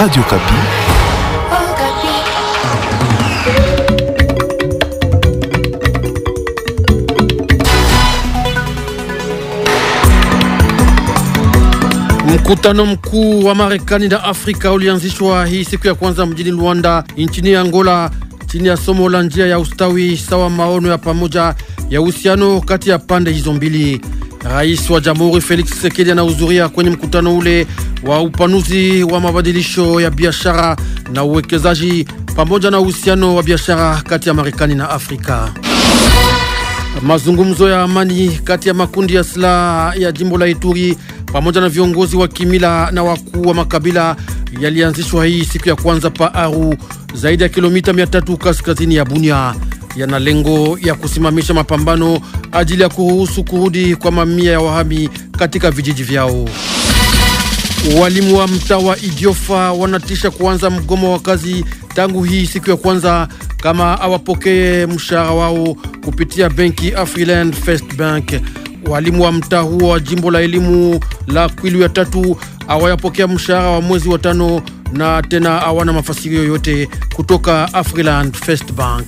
Radio Kapi. Mkutano mkuu wa Marekani na Afrika ulianzishwa hii siku ya kwanza mjini Luanda nchini Angola chini ya somo la njia ya ustawi sawa maono ya pamoja ya uhusiano kati ya pande hizo mbili. Rais wa Jamhuri Felix Tshisekedi anahudhuria kwenye mkutano ule wa upanuzi wa mabadilisho ya biashara na uwekezaji pamoja na uhusiano wa biashara kati ya Marekani na Afrika. Mazungumzo ya amani kati ya makundi ya silaha ya jimbo la Ituri pamoja na viongozi wa kimila na wakuu wa makabila yalianzishwa hii siku ya kwanza pa Aru, zaidi ya kilomita 300 kaskazini ya Bunia, yana lengo ya kusimamisha mapambano ajili ya kuruhusu kurudi kwa mamia ya wahami katika vijiji vyao. Walimu wa mtaa wa Idiofa wanatisha kuanza mgomo wa kazi tangu hii siku ya kwanza kama awapokee mshahara wao kupitia benki Afriland First Bank. Walimu wa mtaa huo wa jimbo la elimu la Kwilu ya tatu awayapokea mshahara wa mwezi wa tano na tena hawana mafasirio yoyote kutoka Afriland First Bank.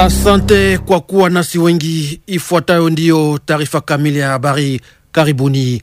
Asante kwa kuwa nasi wengi. Ifuatayo ndiyo taarifa kamili ya habari. Karibuni.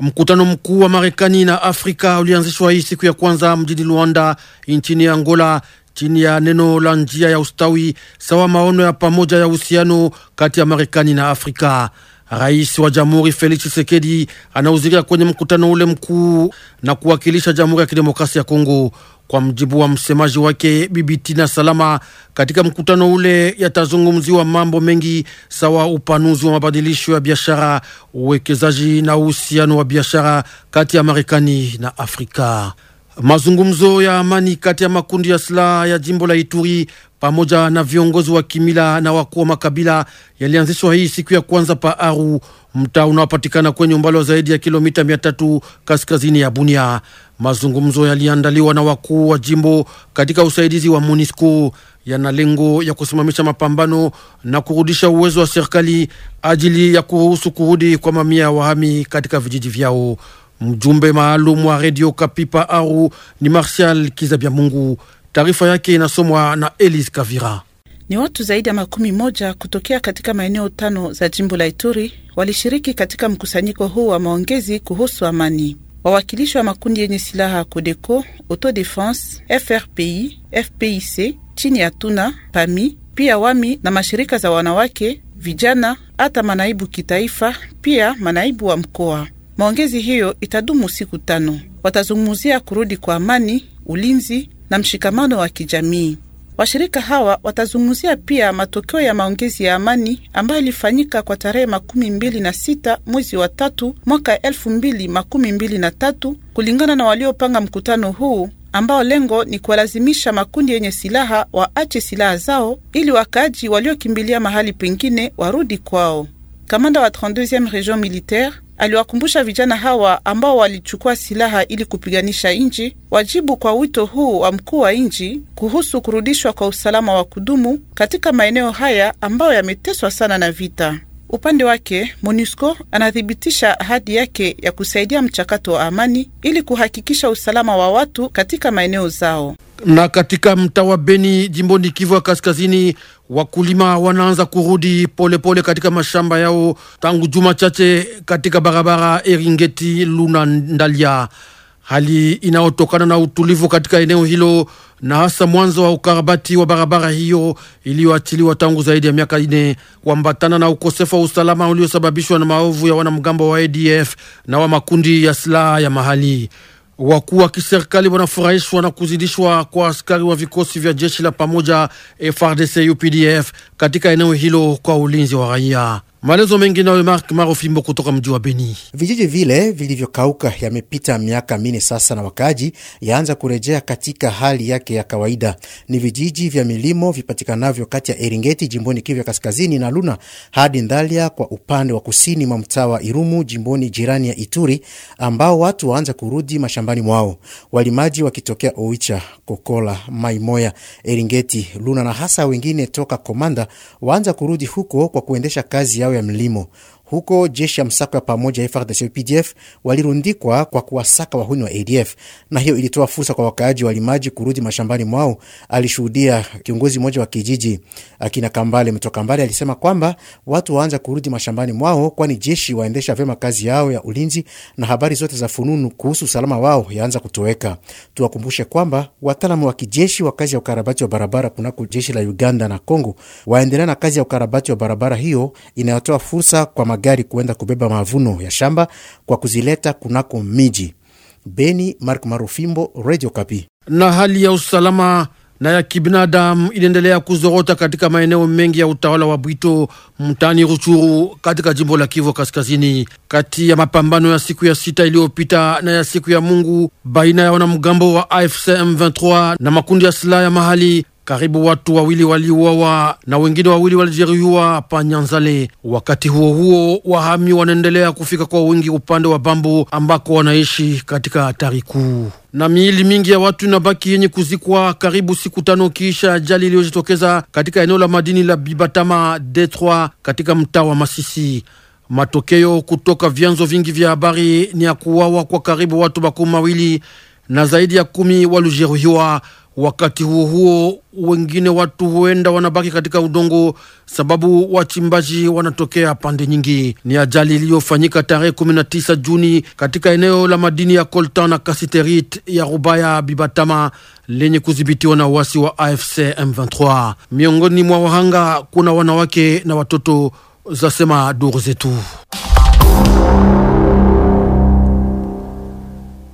Mkutano mkuu wa Marekani na Afrika ulianzishwa hii siku ya kwanza mjini Luanda nchini Angola, chini ya neno la njia ya ustawi, sawa maono ya pamoja ya uhusiano kati ya Marekani na Afrika. Rais wa Jamhuri Felix Tshisekedi anahudhuria kwenye mkutano ule mkuu na kuwakilisha Jamhuri ya Kidemokrasia ya Kongo. Kwa mjibu wa msemaji wake Bibi Tina Salama, katika mkutano ule yatazungumziwa mambo mengi sawa upanuzi wa mabadilisho ya biashara, uwekezaji na uhusiano wa biashara kati ya Marekani na Afrika. Mazungumzo ya amani kati ya makundi ya silaha ya jimbo la Ituri pamoja na viongozi wa kimila na wakuu wa makabila yalianzishwa hii siku ya kwanza pa Aru, mtaa unaopatikana kwenye umbali wa zaidi ya kilomita mia tatu kaskazini ya Bunia. Mazungumzo yaliandaliwa na wakuu wa jimbo katika usaidizi wa MONUSCO yana lengo ya kusimamisha mapambano na kurudisha uwezo wa serikali ajili ya kuruhusu kurudi kwa mamia ya wahami katika vijiji vyao. Mjumbe maalum wa redio Kapipa Aru ni Marshal Kizabya Mungu. Taarifa yake inasomwa na Elise Kavira. Ni watu zaidi ya makumi moja kutokea katika maeneo tano za jimbo la Ituri walishiriki katika mkusanyiko huu wa maongezi kuhusu amani wawakilishi wa makundi yenye silaha Codeco, Autodefense, FRPI, FPIC chini ya tuna PAMI, pia wami na mashirika za wanawake, vijana, hata manaibu kitaifa, pia manaibu wa mkoa. Maongezi hiyo itadumu siku tano. Watazungumzia kurudi kwa amani, ulinzi na mshikamano wa kijamii. Washirika hawa watazungumzia pia matokeo ya maongezi ya amani ambayo ilifanyika kwa tarehe makumi mbili na sita mwezi wa tatu mwaka elfu mbili makumi mbili na tatu kulingana na waliopanga mkutano huu ambao lengo ni kuwalazimisha makundi yenye silaha waache silaha zao ili wakaaji waliokimbilia mahali pengine warudi kwao. Kamanda wa 32e Region Militaire aliwakumbusha vijana hawa ambao walichukua silaha ili kupiganisha nchi wajibu kwa wito huu wa mkuu wa nchi kuhusu kurudishwa kwa usalama wa kudumu katika maeneo haya ambayo yameteswa sana na vita. Upande wake MONUSCO anathibitisha ahadi yake ya kusaidia mchakato wa amani ili kuhakikisha usalama wa watu katika maeneo zao. Na katika mtaa wa Beni jimboni Kivu ya Kaskazini, wakulima wanaanza kurudi polepole pole katika mashamba yao tangu juma chache katika barabara Eringeti Luna Ndalia, hali inayotokana na utulivu katika eneo hilo na hasa mwanzo wa ukarabati wa barabara hiyo iliyoachiliwa tangu zaidi ya miaka ine, kuambatana na ukosefu wa usalama uliosababishwa na maovu ya wanamgambo wa ADF na wa makundi ya silaha ya mahali. Wakuu wa kiserikali wanafurahishwa na kuzidishwa kwa askari wa vikosi vya jeshi la pamoja frdc UPDF katika eneo hilo kwa ulinzi wa raia. Maelezo mengi nayo Mark Marofimbo kutoka mji wa Beni. Vijiji vile vilivyokauka yamepita miaka mine sasa, na wakaji yaanza kurejea katika hali yake ya kawaida. Ni vijiji vya milimo vipatikanavyo kati ya Eringeti jimboni Kivu ya kaskazini na Luna hadi Ndalia kwa upande wa kusini mwa mtaa wa Irumu jimboni jirani ya Ituri, ambao watu waanza kurudi mashambani mwao, walimaji wakitokea Oicha, Kokola, Maimoya, Eringeti, Luna na hasa wengine toka Komanda waanza kurudi huko kwa kuendesha kazi yao עיסאווי הם לימו. Huko jeshi ya msako ya pamoja ya FARDC UPDF walirundikwa kwa kuwasaka wahuni wa ADF, na hiyo ilitoa fursa kwa wakaaji walimaji kurudi mashambani mwao. Alishuhudia kiongozi mmoja wa kijiji akina Kambale Mto Kambale, alisema kwamba watu waanza kurudi mashambani mwao, kwani jeshi waendesha vyema kazi yao ya ulinzi, na habari zote za fununu kuhusu usalama wao yaanza kutoweka. Tuwakumbushe kwamba wataalamu wa kijeshi wa kazi ya ukarabati wa barabara kunako jeshi la Uganda na Congo waendelea na kazi ya ukarabati wa barabara hiyo inayotoa fursa kwa magari kuenda kubeba mavuno ya shamba kwa kuzileta kunako miji. Beni, Mark Marofimbo, Radio Kapi. Na hali ya usalama na ya kibinadamu inaendelea kuzorota katika maeneo mengi ya utawala wa Bwito mtaani Ruchuru katika jimbo la Kivu Kaskazini. Kati ya mapambano ya siku ya sita iliyopita na ya siku ya Mungu baina ya wanamgambo wa AFC M23 na makundi ya silaha ya mahali, karibu watu wawili waliuawa na wengine wawili walijeruhiwa hapa Nyanzale. Wakati huo huo, wahami wanaendelea kufika kwa wingi upande wa Bambu ambako wanaishi katika hatari kuu na miili mingi ya watu inabaki yenye kuzikwa karibu siku tano kisha ajali iliyojitokeza katika eneo la madini la Bibatama D3 katika mtaa wa Masisi. Matokeo kutoka vyanzo vingi vya habari ni ya kuuawa kwa karibu watu makumi mawili na zaidi ya kumi walijeruhiwa Wakati huo huo, wengine watu huenda wanabaki katika udongo sababu wachimbaji wanatokea pande nyingi. Ni ajali iliyofanyika tarehe 19 Juni katika eneo la madini ya coltan na kasiterit ya Rubaya Bibatama lenye kudhibitiwa na uasi wa AFC M23. Miongoni mwa wahanga kuna wanawake na watoto, zasema duru zetu.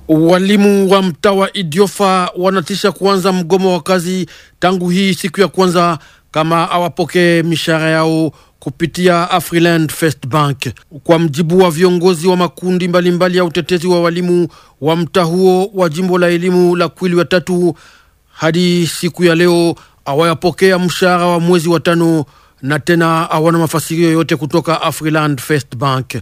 Walimu wa mtaa wa Idiofa wanatisha kuanza mgomo wa kazi tangu hii siku ya kwanza kama awapokee mishahara yao kupitia Afriland First Bank. Kwa mjibu wa viongozi wa makundi mbalimbali mbali ya utetezi wa walimu wa mtaa huo wa jimbo la elimu la Kwili wa tatu, hadi siku ya leo awayapokea mshahara wa mwezi wa tano na tena hawana mafasirio yoyote kutoka Afriland First Bank.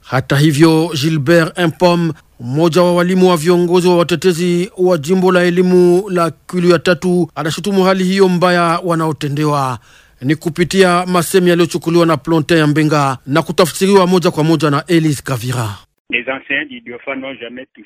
Hata hivyo, Gilbert Impom mmoja wa walimu wa viongozi wa watetezi wa jimbo la elimu la Kwilu ya tatu anashutumu hali hiyo mbaya wanaotendewa ni kupitia masemi yaliyochukuliwa na Plontin ya Mbenga na kutafsiriwa moja kwa moja na Elise Kavira.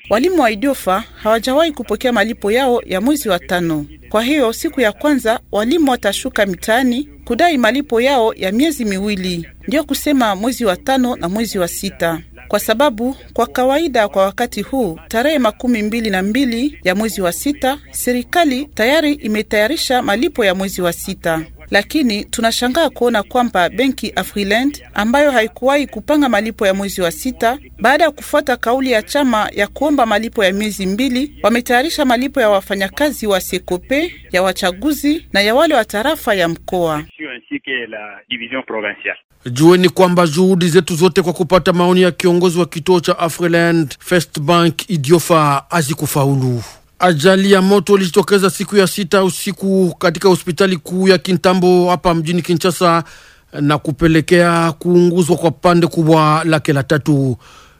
Walimu wa Idiofa hawajawahi kupokea malipo yao ya mwezi wa tano. Kwa hiyo siku ya kwanza walimu watashuka mitaani kudai malipo yao ya miezi miwili, ndiyo kusema mwezi wa tano na mwezi wa sita kwa sababu kwa kawaida kwa wakati huu tarehe makumi mbili na mbili ya mwezi wa sita serikali tayari imetayarisha malipo ya mwezi wa sita lakini tunashangaa kuona kwamba benki Afriland ambayo haikuwahi kupanga malipo ya mwezi wa sita baada ya kufuata kauli ya chama ya kuomba malipo ya miezi mbili, wametayarisha malipo ya wafanyakazi wa Sekope, ya wachaguzi na ya wale wa tarafa ya mkoa. Jueni kwamba juhudi zetu zote kwa kupata maoni ya kiongozi wa kituo cha Afriland First Bank Idiofa hazikufaulu. Ajali ya moto ilijitokeza siku ya sita usiku katika hospitali kuu ya Kintambo hapa mjini Kinshasa na kupelekea kuunguzwa kwa pande kubwa lake la tatu.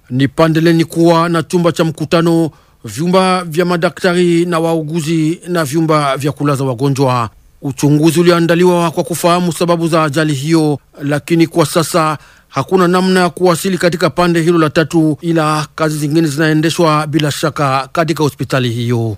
Ni pande leni kuwa na chumba cha mkutano, vyumba vya madaktari na wauguzi na vyumba vya kulaza wagonjwa. Uchunguzi uliandaliwa kwa kufahamu sababu za ajali hiyo, lakini kwa sasa hakuna namna ya kuwasili katika pande hilo la tatu, ila kazi zingine zinaendeshwa bila shaka katika hospitali hiyo.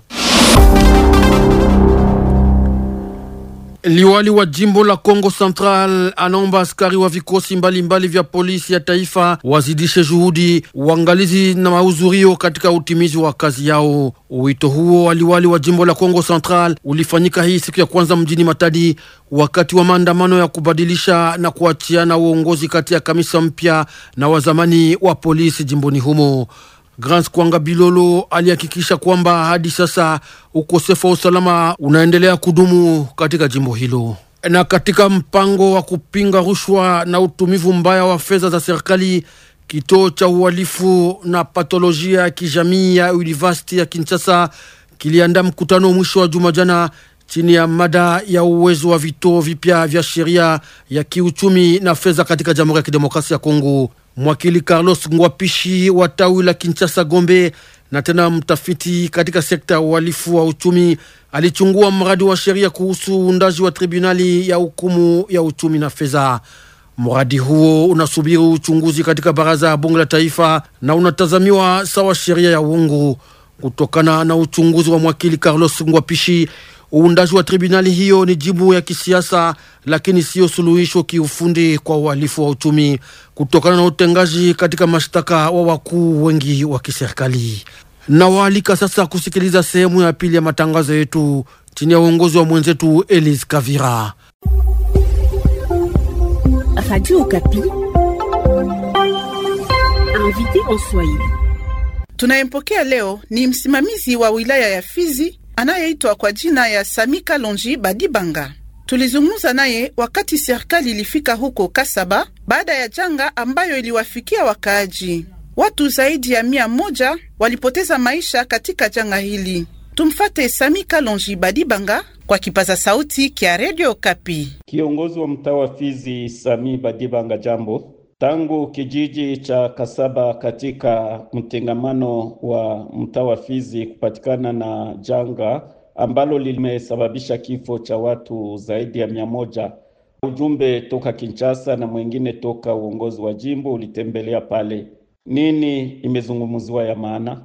Liwali wa jimbo la Kongo Central anaomba askari wa vikosi mbalimbali vya polisi ya taifa wazidishe juhudi, uangalizi na mahudhurio katika utimizi wa kazi yao. Wito huo aliwali wa jimbo la Kongo Central ulifanyika hii siku ya kwanza mjini Matadi wakati wa maandamano ya kubadilisha na kuachiana uongozi kati ya kamisa mpya na wazamani wa polisi jimboni humo. Grans Kwanga Bilolo alihakikisha kwamba hadi sasa ukosefu wa usalama unaendelea kudumu katika jimbo hilo. Na katika mpango wa kupinga rushwa na utumivu mbaya wa fedha za serikali, kituo cha uhalifu na patolojia ya kijamii ya University ya Kinshasa kiliandaa mkutano mwisho wa juma jana chini ya mada ya uwezo wa vituo vipya vya sheria ya kiuchumi na fedha katika Jamhuri ya Kidemokrasia ya Kongo. Mwakili Carlos Ngwapishi wa tawi la Kinshasa Gombe na tena mtafiti katika sekta ya uhalifu wa uchumi alichungua mradi wa sheria kuhusu uundaji wa tribunali ya hukumu ya uchumi na fedha. Mradi huo unasubiri uchunguzi katika baraza ya bunge la taifa na unatazamiwa sawa sheria ya uungu. Kutokana na uchunguzi wa mwakili Carlos Ngwapishi, Uundaji wa tribunali hiyo ni jibu ya kisiasa, lakini siyo suluhisho kiufundi kwa uhalifu wa uchumi kutokana na utengaji katika mashtaka wa wakuu wengi wa kiserikali. Nawaalika sasa kusikiliza sehemu ya pili ya matangazo yetu chini ya uongozi wa mwenzetu Elise Kavira. Radio invité en Swahili. Tunayempokea leo ni msimamizi wa wilaya ya Fizi anayeitwa kwa jina ya Samika Longi Badibanga. Tulizungumza naye wakati serikali ilifika huko Kasaba baada ya janga ambayo iliwafikia wakaaji. Watu zaidi ya mia moja walipoteza maisha katika janga hili. Tumfate Samika Longi Badibanga kwa kipaza sauti kya Radio Kapi. Kiongozi wa mtaa wa Fizi Sami Badibanga, jambo. Tangu kijiji cha Kasaba katika mtengamano wa mtaa wa Fizi kupatikana na janga ambalo limesababisha kifo cha watu zaidi ya mia moja, ujumbe toka Kinshasa na mwingine toka uongozi wa jimbo ulitembelea pale. Nini imezungumziwa ya maana?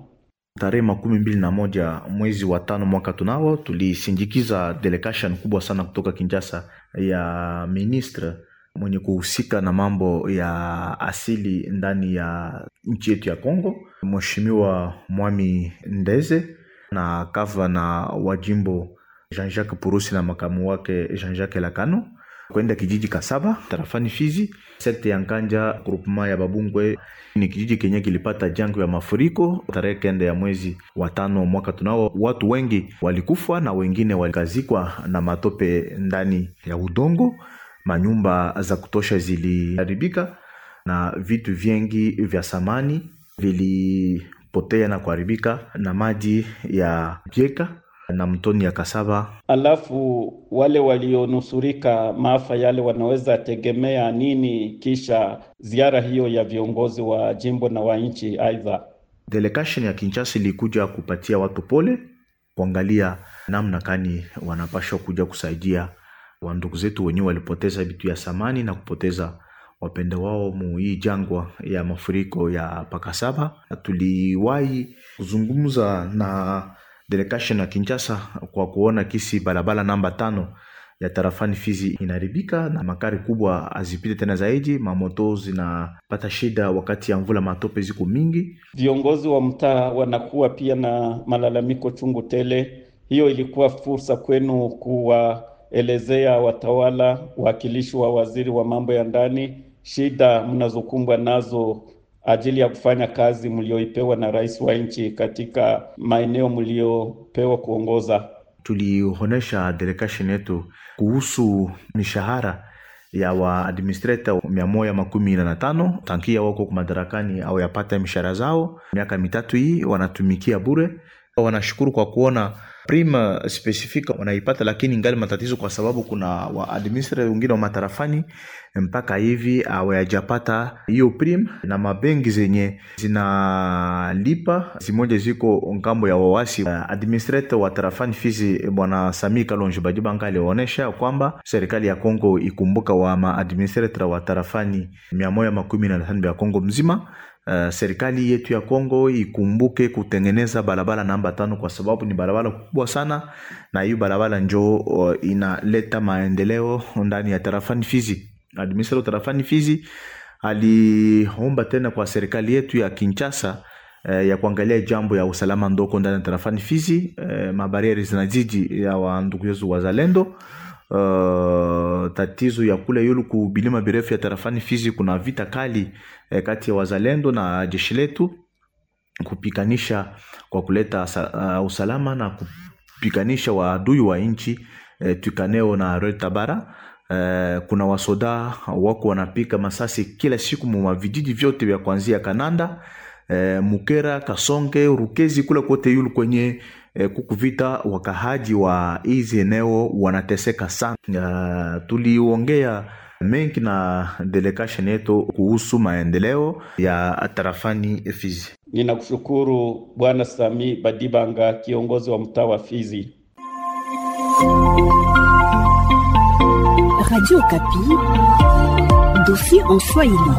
Tarehe makumi mbili na moja mwezi wa tano mwaka tunao, tulisindikiza delegation kubwa sana kutoka Kinshasa ya ministre mwenye kuhusika na mambo ya asili ndani ya nchi yetu ya Kongo, Mheshimiwa Mwami Ndeze na gavana wa jimbo Jean-Jacques Purusi na makamu wake Jean-Jacques Lakano kwenda kijiji Kasaba tarafani Fizi, sekta ya Nkanja, groupement ya Babungwe. Ni kijiji kenye kilipata janga ya mafuriko tarehe kenda ya mwezi wa tano mwaka tunao. Watu wengi walikufa na wengine walikazikwa na matope ndani ya udongo manyumba za kutosha ziliharibika na vitu vingi vya samani vilipotea na kuharibika na maji ya Byeka na mtoni ya Kasaba. Alafu wale walionusurika maafa yale wanaweza tegemea nini kisha ziara hiyo ya viongozi wa jimbo na wa nchi? Aidha, delegation ya kinchasi ilikuja kupatia watu pole, kuangalia namna kani wanapashwa kuja kusaidia wandugu zetu wenyewe walipoteza vitu ya samani na kupoteza wapenda wao mu hii jangwa ya mafuriko ya Pakasaba. Tuliwahi kuzungumza na delegation ya Kinshasa kwa kuona kisi barabara namba tano ya tarafani Fizi inaribika na makari kubwa azipite tena zaidi, mamoto zinapata shida wakati ya mvula, matope ziko mingi. Viongozi wa mtaa wanakuwa pia na malalamiko chungu tele. Hiyo ilikuwa fursa kwenu kuwa elezea watawala, wawakilishi wa waziri wa mambo ya ndani, shida mnazokumbwa nazo ajili ya kufanya kazi mlioipewa na rais wa nchi katika maeneo mliopewa kuongoza. Tulionyesha delegation yetu kuhusu mishahara ya wa administrator mia moja makumi na tano tankia wako madarakani au yapata mishahara zao miaka mitatu hii wanatumikia bure wanashukuru kwa kuona prima spesifika wanaipata, lakini ngali matatizo kwa sababu kuna waadministrator wengine wa matarafani mpaka hivi hawajapata ah, hiyo prim, na mabengi zenye zinalipa zimoja ziko ngambo ya wawasi. Ah, administrator wa tarafani Fizi eh, bwana Sami Kalonji Bajiba ngali waonesha kwamba serikali ya Kongo ikumbuka wa maadministrator wa tarafani mia moja makumi na tano ya Kongo mzima Uh, serikali yetu ya Kongo ikumbuke kutengeneza barabara namba tano kwa sababu ni barabara kubwa sana, na hiyo barabara njo uh, eh, inaleta maendeleo ndani ya tarafani Fizi. Administrator tarafani Fizi aliomba tena kwa serikali yetu ya Kinshasa uh, ya kuangalia jambo ya usalama ndoko ndani ya tarafani Fizi, uh, mabarieri zinajiji ya wandugu yetu wazalendo uh, tatizo ya kule yulu kubilima birefu ya tarafani Fizi. Kuna vita kali eh, kati ya wazalendo na jeshi letu kupikanisha kwa kuleta uh, usalama na kupikanisha waadui wa, wa nchi eh, tukaneo na Red Tabara. Eh, kuna wasoda wako wanapika masasi kila siku mwa vijiji vyote vya kuanzia Kananda eh, Mukera, Kasonge, Rukezi kule kote yulu kwenye e, kukuvita wakahaji wa hizi eneo wanateseka sana. Uh, tuliongea mengi na delegation yetu kuhusu maendeleo ya tarafani Fizi. Ninakushukuru Bwana Sami Badibanga, kiongozi wa mtaa wa Fizi. Radio Kapi, dofi en Swahili.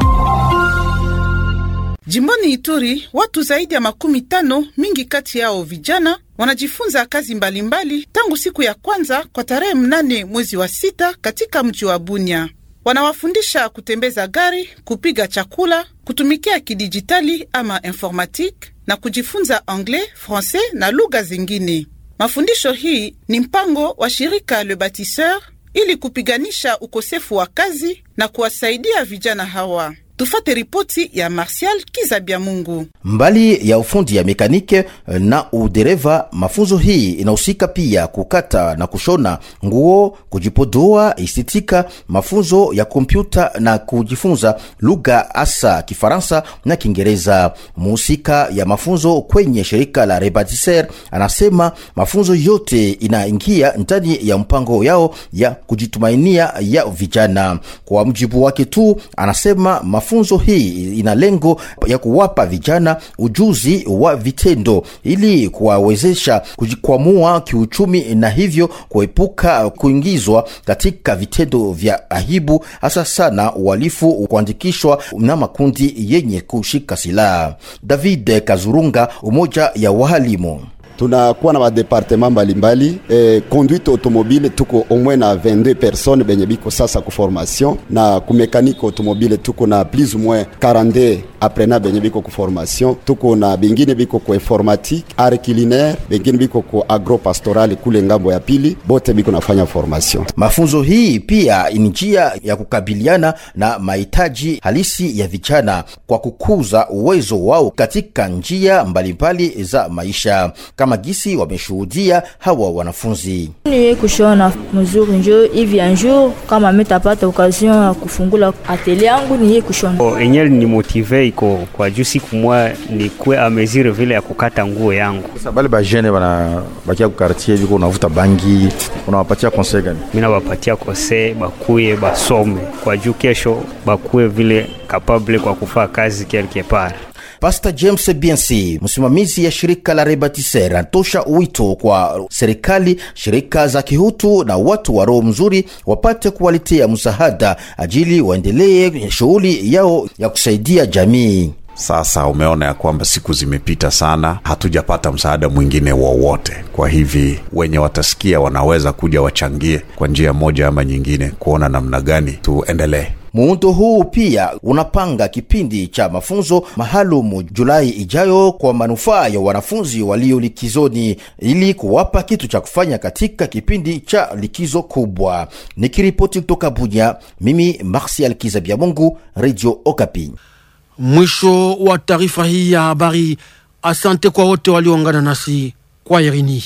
Jimboni Ituri, watu zaidi ya makumi tano, mingi kati yao vijana wanajifunza kazi mbalimbali mbali, tangu siku ya kwanza kwa tarehe mnane mwezi wa sita katika mji wa bunya Wanawafundisha kutembeza gari, kupiga chakula, kutumikia kidijitali ama informatique na kujifunza anglais, francais na lugha zingine. Mafundisho hii ni mpango wa shirika Le Batisseur ili kupiganisha ukosefu wa kazi na kuwasaidia vijana hawa. Tufate ripoti ya Martial Kizabia Mungu. Mbali ya ufundi ya mekanike eh, na udereva, mafunzo hii inahusika pia kukata na kushona nguo, kujipodoa, estetika, mafunzo ya kompyuta na kujifunza lugha hasa Kifaransa na Kiingereza. Muhusika ya mafunzo kwenye shirika la Rebatiser anasema mafunzo yote inaingia ndani ya mpango yao ya kujitumainia ya vijana. Kwa mjibu wake tu anasema Mafunzo hii ina lengo ya kuwapa vijana ujuzi wa vitendo ili kuwawezesha kujikwamua kiuchumi na hivyo kuepuka kuingizwa katika vitendo vya aibu, hasa sana uhalifu kuandikishwa na makundi yenye kushika silaha. David Kazurunga, umoja ya wahalimu tunakuwa na badepartement mbalimbali e, conduite automobile tuko omwe na 22 personnes benye biko sasa ku formation na ku mekanike automobile tuko na plus ou moins 42 aprena benye biko ku formation tuko na bengine biko ku informatique art culinaire bengine biko ku agropastoral kule ngambo ya pili, bote biko nafanya formation. Mafunzo hii pia ni njia ya kukabiliana na mahitaji halisi ya vijana kwa kukuza uwezo wao katika njia mbalimbali za maisha kama gisi wameshuhudia hawa wanafunzi. Niwe kushona mzuri njo hivi ya njur, kama mitapata okazion ya kufungula atelier yangu niye kushona oh, enye ni motive iko kwa juu siku mwa ni kwe amezire vile ya kukata nguo yangu. Sasa bale bakia ku quartier biko unavuta bangi, unawapatia conseil gani? Mimi nawapatia conseil bakuye basome kwa juu kesho bakuwe vile kapable kwa kufaa kazi quelque part. Pastor James BNC, msimamizi ya shirika la Rebatisera, anatosha wito kwa serikali, shirika za kihutu na watu wa roho mzuri wapate kuwaletea msaada ajili waendelee shughuli yao ya kusaidia jamii. Sasa umeona ya kwamba siku zimepita sana, hatujapata msaada mwingine wowote. Kwa hivi wenye watasikia wanaweza kuja wachangie kwa njia moja ama nyingine, kuona namna gani tuendelee. Muundo huu pia unapanga kipindi cha mafunzo maalumu Julai ijayo kwa manufaa ya wanafunzi walio likizoni ili kuwapa kitu cha kufanya katika kipindi cha likizo kubwa. Nikiripoti kutoka Bunya, mimi Marsial Kizabiamungu, Radio Okapi. Mwisho wa taarifa hii ya habari. Asante kwa wote walioungana nasi kwa Irini.